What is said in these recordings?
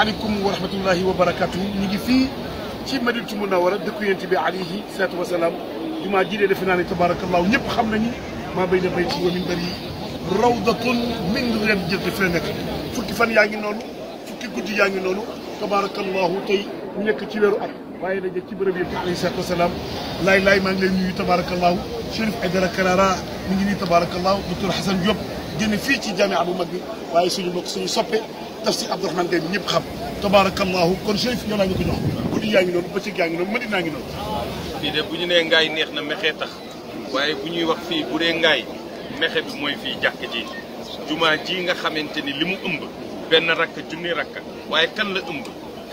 aleykum wa rahmatullahi wa barakatuhu ñu ngi fii ci madinatu munawara dëkku yonent bi alayhi salaatu wa salaam jumaa ji defe naa ne tabaarakallaahu ñëpp xam nañu maa bayna bayti wa minbari rawdatun min riyadil janna fee nekk fukki fan yaa ngi noonu fukki guddi yaa ngi noonu tabaarakallaahu tey ñu nekk ci weeru at waaye daje ci bërëb yëpp alayhi salaatu wa salaam laay laay maa ngi lay nuyu tabaarakallaahu Chérif Aïdara Karara mi ngi nii tabaarakallaahu docteur Hassan Diop génn fii ci jamaa bu mag bi waaye suñu mbokk suñu soppe tafsir Abdourahmane Gaye ñëpp xam tabarakallahu kon chérif ñoo naa ñu ko jox guddi yaa ngi noonu bëccëg yaa ngi noonu mën naa ngi noonu fii de bu ñu nee ngaay neex na mexee tax waaye bu ñuy wax fii bu dee ngaay mexe bi mooy fii jàkk ji jumaa ji nga xamante ni li mu ëmb benn rakk junni rakk waaye kan la ëmb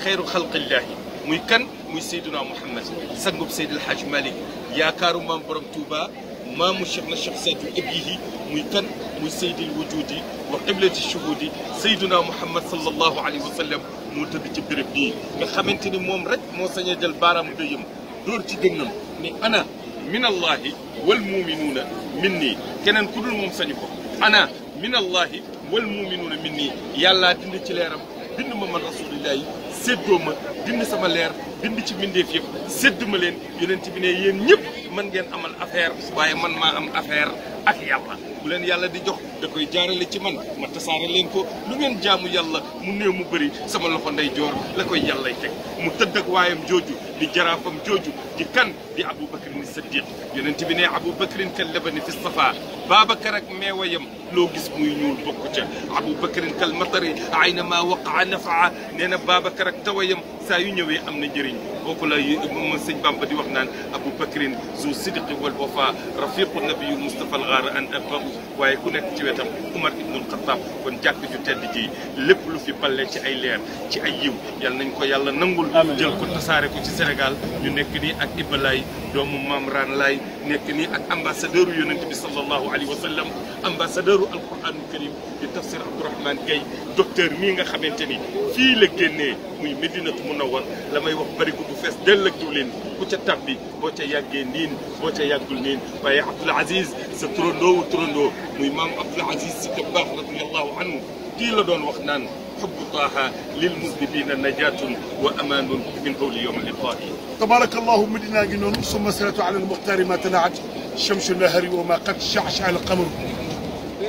xeyru xalqillaahi muy kan muy Seydina Mouhamed sangub Seydil Hadj Malick yaakaaru maam borom Touba maamu Cheikh na Cheikh Sadio Ebihi muy kan muy saydil wujudi wa qiblati shuhudi sayduna muhammad sallallahu alayhi wa sallam mu tëdd ci béréb bii nga xamante ni moom rek moo sañ a jël baaraam dëyam dóor ci dënnam ni ana min allahi wal muminuuna min nii keneen ku dul moom sañu ko ana min allahi wal muminuuna min nii yàllaa dindi ci leeram bind ma man rasulillahi séddoo ma dindi sama leer bind ci mbindeef yëpp sédd ma leen yonent bi ne yéen ñëpp mën ngeen amal affaire waaye man maa am affaire ak yàlla bu leen yàlla di jox da koy jaarale ci man ma tasaare leen ko lu ngeen jaamu yàlla mu néew mu bëri sama loxo ndey joor la koy yàllay teg mu tëdd ak waayam jooju di jaraafam jooju di kan di Aboubacarin Siddiq yonent bi ne Aboubacarin kal labani fi safa Babacar ak meewayam loo gis muy ñuul bokk ca Aboubacarin kal matari ayna ma waqaa nafaa nee na Babacar ak tawayam saa yu ñëwee am na njëriñ kooku la moom sëñ Bamba di wax naan Aboubacarin zu sidqi wal wafa rafiqu nabiyu Mustafa al gaar an abahu waaye ku nekk ci wetam Umar ibnul Xattaab kon jàkk ju tedd ji lépp lu fi balle ci ay leer ci ay yiw yal nañ ko yàlla nangul jël ko tasaare ko ci seen Sénégal ñu nekk nii ak Iba doomu Maam Raan Laye nekk nii ak ambassadeur u yonent bi sallallahu alayhi wa sallam ambassadeur u alquranu karim di tafsir Abdourahmane Gaye docteur mii nga xamante ni fii la génnee muy Medinatu na la may wax bariku bu fees dell ak diwlin ku ca tàbbi boo ca yàggee niin boo ca yàggul niin waaye Abdoul Aziz sa turandoo wu turandoo muy maam Abdoul Aziz si ka baax radiyallahu anhu la doon wax naan xubbu taaha lil muslimina najatun wa amaanun min hawli yowma liqaa'i tabaraka allahu madinaa ngi noonu summa salatu ala almuxtaari ma talaat chamsu nahari wa ma qad sha'sha'a alqamar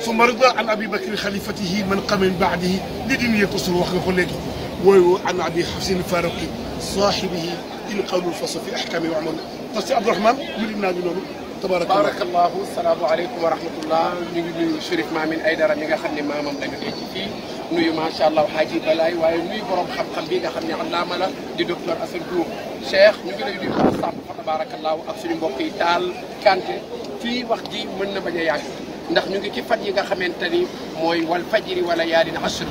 summa rida an abi bakri xalifatihi man qama min baadihi li dini yatasul wax nga ko léegi wooyu an abi xafsin faruqi saaxibihi in qawlu fasl fi ahkaami wa amal parce que Abdourahmane madinaa ngi noonu tabaarakallahu salaamaaleykum wa rahmatullah ñu ngi nuyu Chérif Mamine Aydara mi nga xam ne maamam lañu fii nuyu macha allah xaaji balaay waaye nuyu borom xam-xam bi nga xam ne allaama la di docteur Assane Diouf Cheikh ñu ngi lay nuyu bu sàmm fa tabaarakallaahu ak suñu mbokk yi taal kante fii wax ji mën na bañ a ndax ñu ngi ci fan yi nga xamante ni mooy wal fajiri wala yaalin ashr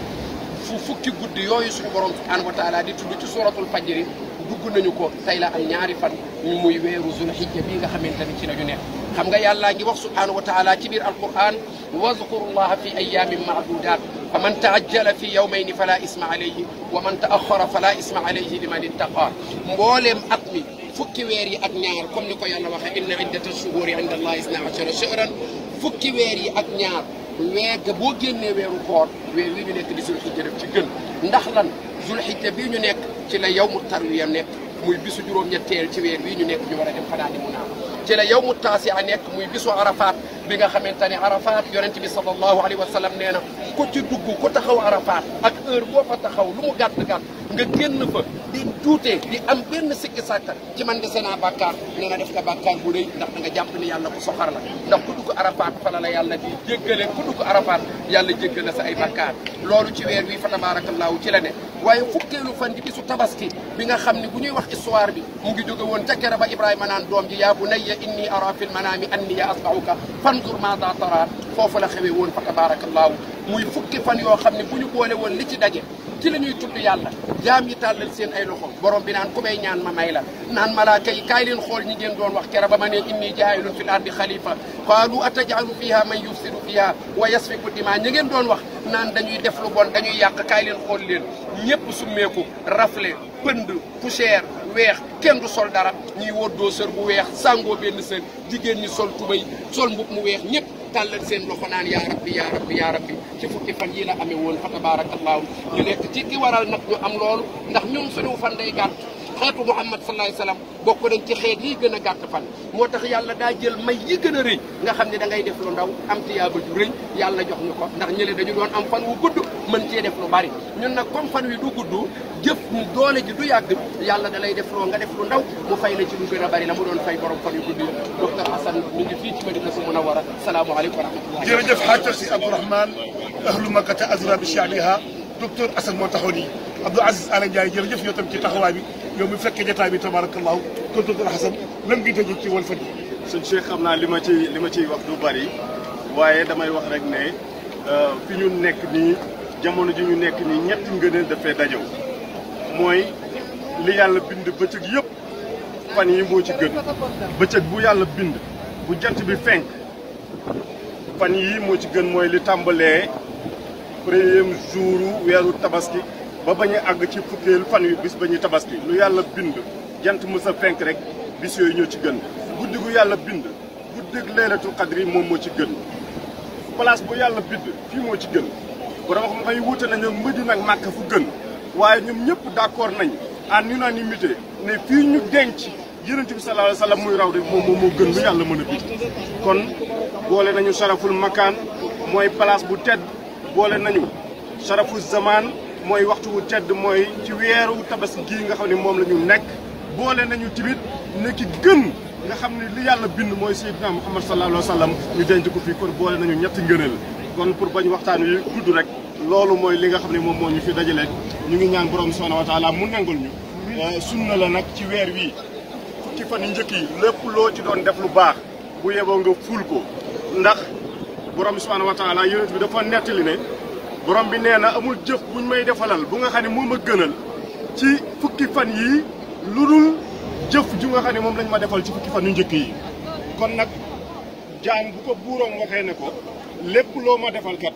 fu fukki guddi yooyu suñu borom subhaanahu wa taala di tudd ci suratul fajiri dugg nañu ko tey la am ñaari fan ñu muy weeru zulhijja bii nga xamante ni ci la ñu xam nga yàllaa ngi wax subhaanahu wa taala ci biir alquran wazkurullaha fi ayaamin maadudaat fa man taajjala fi yawmayni fala isma alayhi wa man taaxara fala isma alayhi liman ittaqa mbooleem at mi fukki weer yi ak ñaar comme ni ko yàlla waxee inna iddata shuhuri inda allahi isna achara shahran fukki weer yi ak ñaar weer ga boo génnee weeru koor weer wi ñu nekk di zulxijja def ci gën ndax lan zulxijja bii ñu nekk ci la yawmu tarwiya nekk muy bisu juróom-ñetteel ci weer wi ñu nekk ñu war a dem fanaa di mu naan ci la yawmu taasi a nekk muy bisu arafaat bi nga xamante ne arafaat yonent bi sallallahu alayhi wa sallam nee na ko ci dugg ko taxaw Arafat ak heure boo fa taxaw lu mu gàtt gàtt nga génn fa di duutee di am benn sikki sàkka ci man dese naa bàkkaar nee def nga bàkkaar bu rëy ndax da nga jàpp ni yàlla ku soxar la ndax ku dugg Arafat fala la yàlla di jéggale ku dugg Arafat yàlla jéggale sa ay bàkkaar loolu ci weer wi fa tabaarakallaahu ci la ne waaye fukkeelu fan di bisu tabaski bi nga xam ne bu ñuy wax histoire bi mu ngi jóge woon ca kere ba Ibrahima naan doom ji yaa bunayya inni ara fil manaami anniya asbahuka fanzur maada tara foofu la xewee woon fa tabaarakallaahu muy fukki fan yoo xam ne bu ñu boole woon li ci daje ci la ñuy tudd yàlla jaam yi tàllal seen ay loxo borom bi naan ku ñaan ma may la naan malaaka yi kaay leen xool ñi ngeen doon wax kera ba ma ne inni jaayilun fil ardi xalifa qaalu atajalu fiha man yufsidu fiha wa yasfiku dima ñi ngeen doon wax naan dañuy def lu bon dañuy yàq kaay leen xool leen ñëpp summeeku rafle pënd poussière weex kenn du sol dara ñuy woddoo sër bu weex sàngoo benn sër jigéen ñi sol tubay sol mbub mu weex ñëpp tàllal seen loxo naan yaa rabbi yaa rabbi yaa rabbi ci fukki fan yi la amee woon fa tabaarakallaahu ñu nekk ci ki waral nag ñu am loolu ndax ñun suñu fan day gàtt xeetu Muhammad sallallahu alayhi bokk nañ ci xeet yi gën a gàtt fan moo tax yàlla daa jël may yi gën a rëy nga xam ni da ngay def lu ndaw am tiyaaba ju rëy yàlla jox ñu ko ndax ñële dañu doon am fan wu gudd mën cee def lu bari ñun nag comme fan wi du gudd jëf doole ji du yàgg yàlla da lay def loo nga def lu ndaw mu fay la ci lu gën a bari la mu doon fay borom fan yu gudd yëpp docteur Assane mi ngi fii ci Madina su Munawara salaamaaleykum wa rahmatulah. jërëjëf xaajal si Abdourahmane ahlu makkata azra bi sha'niha docteur Assane moo taxaw nii Abdou Aziz Ala Ndiaye jërëjëf yow tam ci taxawaay bi yow mi fekkee jotaay bi tabarakallahu kon docteur Assane lan ngi tëjee ci Walf Fadjri. sëñ Cheikh xam naa li ma ciy li ma ciy wax du bari waaye damay wax rek ne euh, fi ñu nekk nii jamono ji ñu nekk nii ñetti ngëneel dafay dajew mooy li yàlla bind bëccëg yëpp fan yi moo ci gën bëccëg bu yàlla bind bu jant bi fenk fan yi moo ci gën mooy li tàmbalee premier jour weeru tabaski ba bañ àgg ci fukkeelu fan yu bis ba ñuy tabaski lu yàlla bind jant mës a fenk rek bis yooyu ñoo ci gën guddi gu yàlla bind guddig leeratu xadri moom moo ci gën place bu yàlla bind fii moo ci gën borom xam-xam yi wuute nañu Madina ak Màkka fu gën waaye ñoom ñëpp d'accord nañ en unanimité ne fii ñu denc yonent bi sallallahu muy raw de moom moo gën lu yàlla mën a bind kon boole nañu saraful makaan mooy place bu tedd boole nañu saraful zamaan mooy waxtu wu tedd mooy ci weeru tabaski gii nga xam ne moom la ñu nekk boole nañu tamit nekki ki gën nga xam ne li yàlla bind mooy Seydina Muhammad sallallahu alayhi wa sallam ñu denc ko fii kon boole nañu ñetti ngëneel kon pour ñu waxtaan wi gudd rek loolu mooy li nga xam ne moom moo ñu fi dajale ñu ngi ñaan borom subhanahu wa taala mu nangul ñu euh, sunna la nag ci weer wii fukki fan njëkk yi lépp loo ci doon def lu baax bu yeboo nga ful ko ndax borom subhanahu wa taala yonent bi dafa nettali ne borom bi nee na amul jëf buñ may defalal bu nga xam ne moom a gënal ci fukki fan yi lu dul jëf ju nga xam ne moom lañ ma defal ci fukki fan yu njëkk yi kon nag jaam bu ko buuroom waxee ne ko lépp loo ma defal kat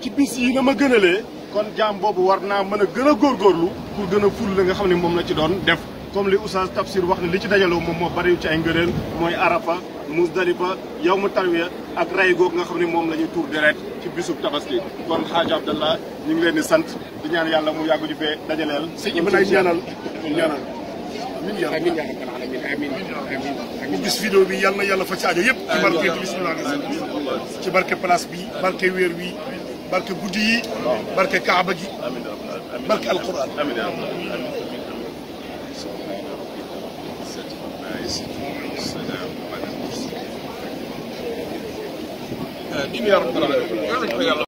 ci bis yi nga ma gënalee kon jaam boobu war naa mën a gën góor góorgóorlu pour gën a ful la nga xam ne moom la ci doon def comme li oustaz Tafsir wax ne li ci dajaloo moom moo bari ci ay ngëneel mooy arafa musdalifa yawmu tarwiya ak ray googu nga xam ne moom la ñuy tuur deret ci bisub tabaski kon xaaja abdallah ñu ngi leen di sant di ñaan yàlla mu yàggu ñu fee dajaleel si ñu mën a ñaanal ñaanal min yàlla amin bi yàlla na yàlla fa ci aajo yëpp ci barke bismillah bi barke weer barke guddi yi barke kaaba gi barke